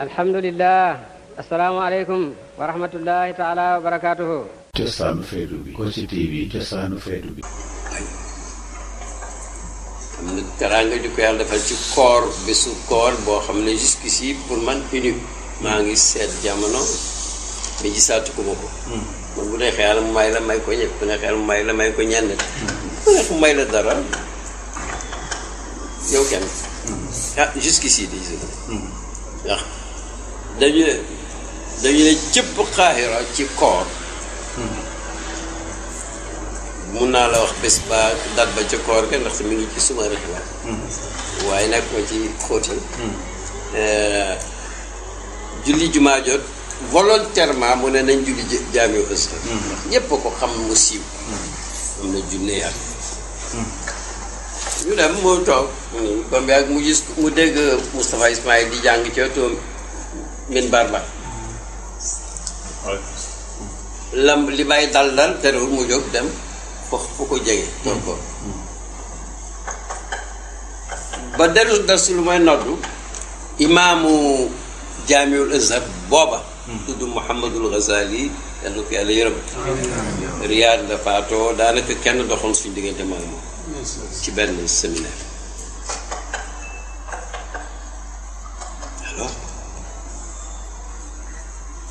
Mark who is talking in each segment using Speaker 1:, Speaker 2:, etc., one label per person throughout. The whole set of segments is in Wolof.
Speaker 1: alhamdulillah Assalamualaikum, Warahmatullahi taala Wabarakatuh. barakatuhu cosaanu feetu bi Kossy TV cosaanu feetu bi am na teraanga ju ko yàlla defal ci koor bésu koor boo xam ne jusqu'ici pour man unique maa ngi seet jamono mais gisaatu ko ma ko man bu neexee yàlla mu may la may ko ñëpp bu neexee dañu ne dañu ne cëpp xaaxira ci koor mun naa la wax bés ba dat ba ca koor ga ndax mi ngi ci suma rëxiwaat waaye nag ma ci xóotal eh, julli jumaa volontairement mu ne nañ julli jaamiu Azhar ñépp ko xam mu siiw am na junne at ñu dem mu toog ba mu mu gis mu dégg Moustapha Ismaïl di jàng ci oto ngeen baar ma li may dal dal terewul mu jóg dem fo fu ko jege doon ko ba dellu lu may noddu imaamu jaamiul azhar booba tudd Muhammadul Ghazali yal na ko yàlla Riyad la faatoo daanaka kenn doxoon suñu diggante maanaam ci benn séminaire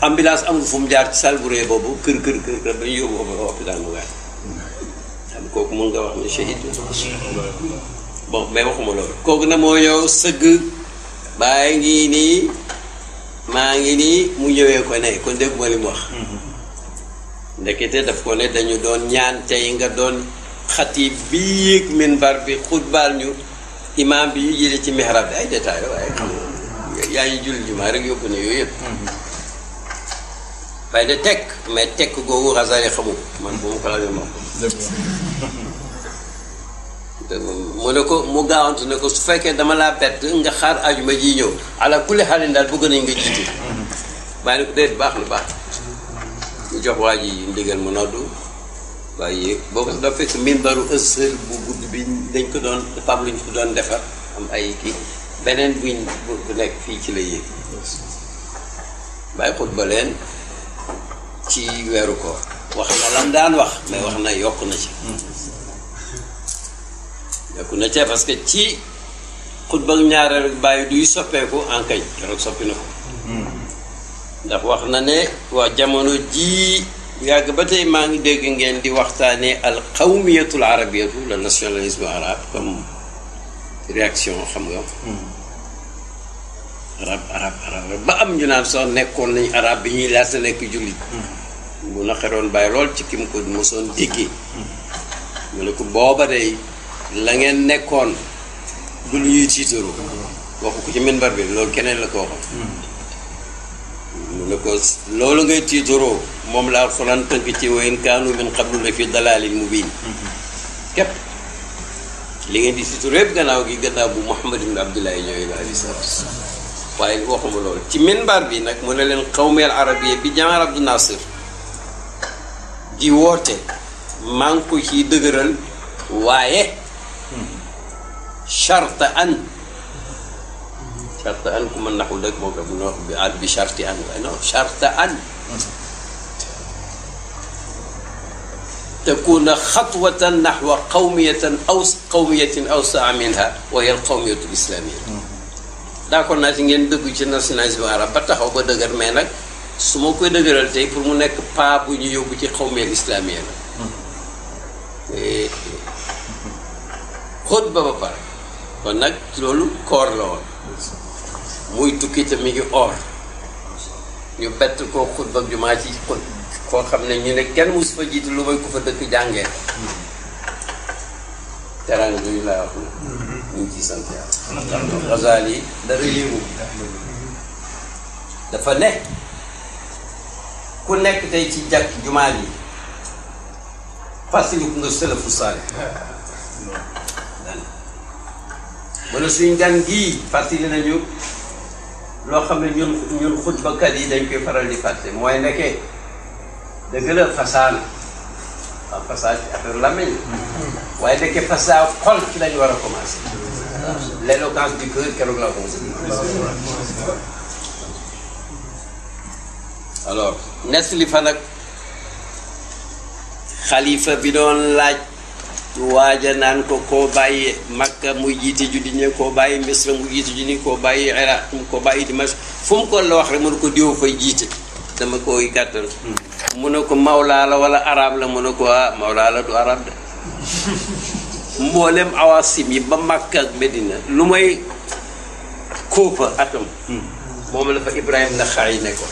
Speaker 1: ambulance am fu mu jaar ci salle boobu kër kër kër kër dañu yóbbu hôpital mu gaañ xam kooku mën nga wax ne chahid bon mais waxuma loolu kooku na moo yow sëgg bàyyi ngi nii maa ngi nii mu ñëwee ko ne kon dégguma li mu wax ndekete daf ko ne dañu doon ñaan tey nga doon xatib bi yéeg minbar bi xutbaal ñu imaam bi yu jële ci mihrab bi ay détails waaye xam nga yaa ngi julli jumaa rek yóbbu ne yooyu yëpp mm-hmm. fay de tekk mais tekk googu Razali xamu man bu mu ko laalee moom. mu ne ko mu gaawantu ne ko su fekkee dama laa bett nga xaar ajuma ji ñëw ala kulli xaalin daal bëgg nañ nga jiitu baax na baax mu jox waa ji ndigal mu dafa fekk mimbaru ëssël bu gudd bi dañ ko doon dafa am ko doon defar am ay kii beneen buñ bu nekk fii ci la yéeg bàyyi xutba leen ci weeru ko wax na daan wax mais wax na yokk na ci yokk na ci parce que ci xutba ak ñaareel bàyyi duy soppeeku enkañ keroog soppi na ndax wax na ne waa jamono ji yàgg ba tey maa ngi dégg ngeen di waxtaanee al qawmiyatul arabiyatu le nationalisme arabe comme réaction xam nga arab arab ba am ñu naan sax nekkoon nañu arab bi ñuy laata nekk jullit mu naqaroon bàyyi lool ci ki mu ko mosoon diggi mu ne ko booba day la ngeen nekkoon du lu ñuy tiitaru waxu ko ci minbar bi loolu keneen la ko waxoon mu ne ko loolu ngay tiitaroo moom la alxuraan tënk ci wa in kaanu min qablu la fi dalaalin mubiin képp li ngeen di tiitaroo yëpp gannaaw gi gannaaw bu Muhammad ibn Abdullahi ñëwee alayhi salaatu wasalaam ci minbar bi nag mu ne leen xawmeel arabiya bi Jean Abdou Nasser iwote manku ci deugural waye sharta an sharta an kuma nahu dak mo ko no bi al bi sharti an no sharta an تكون خطوة نحو قومية أو قومية أوسع منها وهي القومية الإسلامية. داكو ناس ينبغي تشنا سيناس بغارة باتا هو su ma koy dëgëral tey pour mu nekk pas bu ñu yóbbu ci xawmeel islaamiyee la eh. xóot ba ba pare kon nag loolu koor la woon muy tukki te mi ngi or ñu bett koo xóot ba jumaa ci xóot koo xam ne ñu ne kenn mus fa jiit lu may ko fa dëkk jàngee teraan yooyu laa wax na mm-hmm. ñu ngi ciy sant yàlla yi dara yéemu dafa ne bu nekk day ci jàkk jumaa yi fàttaliku nga sëlëfu saale wala suñ gan gii fàttali nañu loo xam ne ñun ñun xutbakat yi dañ koy faral di fàtte mooy nekkee dëgg la fasaan waaw fasaan ci affaire làmmiñ waaye nekkee fasaan xol ci lañ war a commencé l'éloquence du keroog la ko alors nesli fa nag xalifa bi doon laaj waaja naan ko koo bàyyi makka muy jiite juddi ñe koo bàyyi misra mu jiite juddi koo bàyyi iraq mu koo bàyyi dimash fu mu ko la wax rek mu ne ko diw fay jiite dama koy gàttal mu ne ko mawlaa la wala arab la mu ne ko ah mawlaa la du arab de mboolem awasim yi ba makka ak medina lu may kóopa atam hmm. moom la fa Ibrahima ne nekkoon.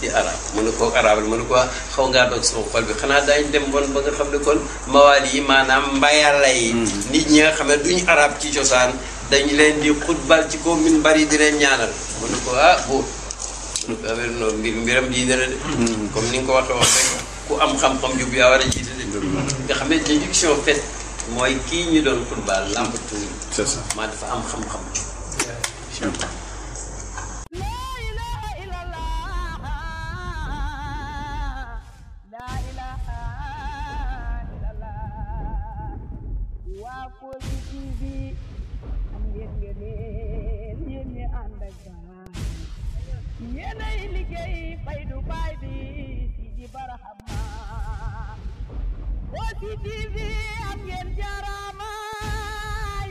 Speaker 1: ci hmm. arab mu ne koo arab la mu ne ko xaw ngaa doon sama xol bi xanaa daañu dem bon ba nga xam ne kon mawaal yi maanaam mbayala yi. Hmm. nit ñi nga xam ne duñu araab ci cosaan dañu leen di xutbal ci kaw min bari di leen ñaanal mu ne ko ah buur mbir mbiram diine la de. Hmm. comme ni nga ko waxee wax rek ku am xam-xam jub yaa war a jiite de. nga xam ne déduction faite mooy kii ñu doon xutbal làmbatu. c'est ça am xam Kossy TV am ngeen ngeen yéen ñi ànd ak gaal yéenay liggéey fay baay bi si ji barahama Kossy TV am ngeen jaaraama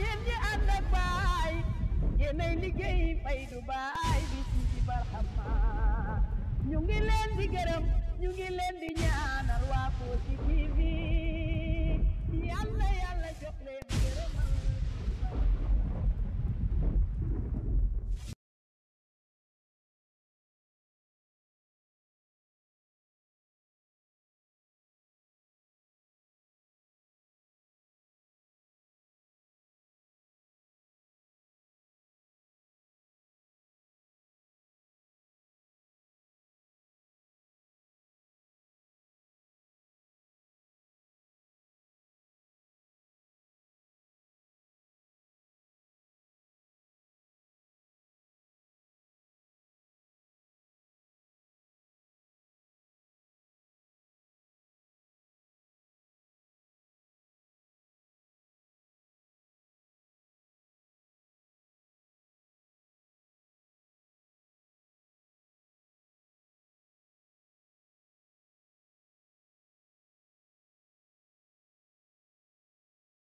Speaker 1: yéen ñi ànd baay yéenay liggéey fay du bi si ji barahama leen di gërëm ñu leen di ñaanal waa Kossy TV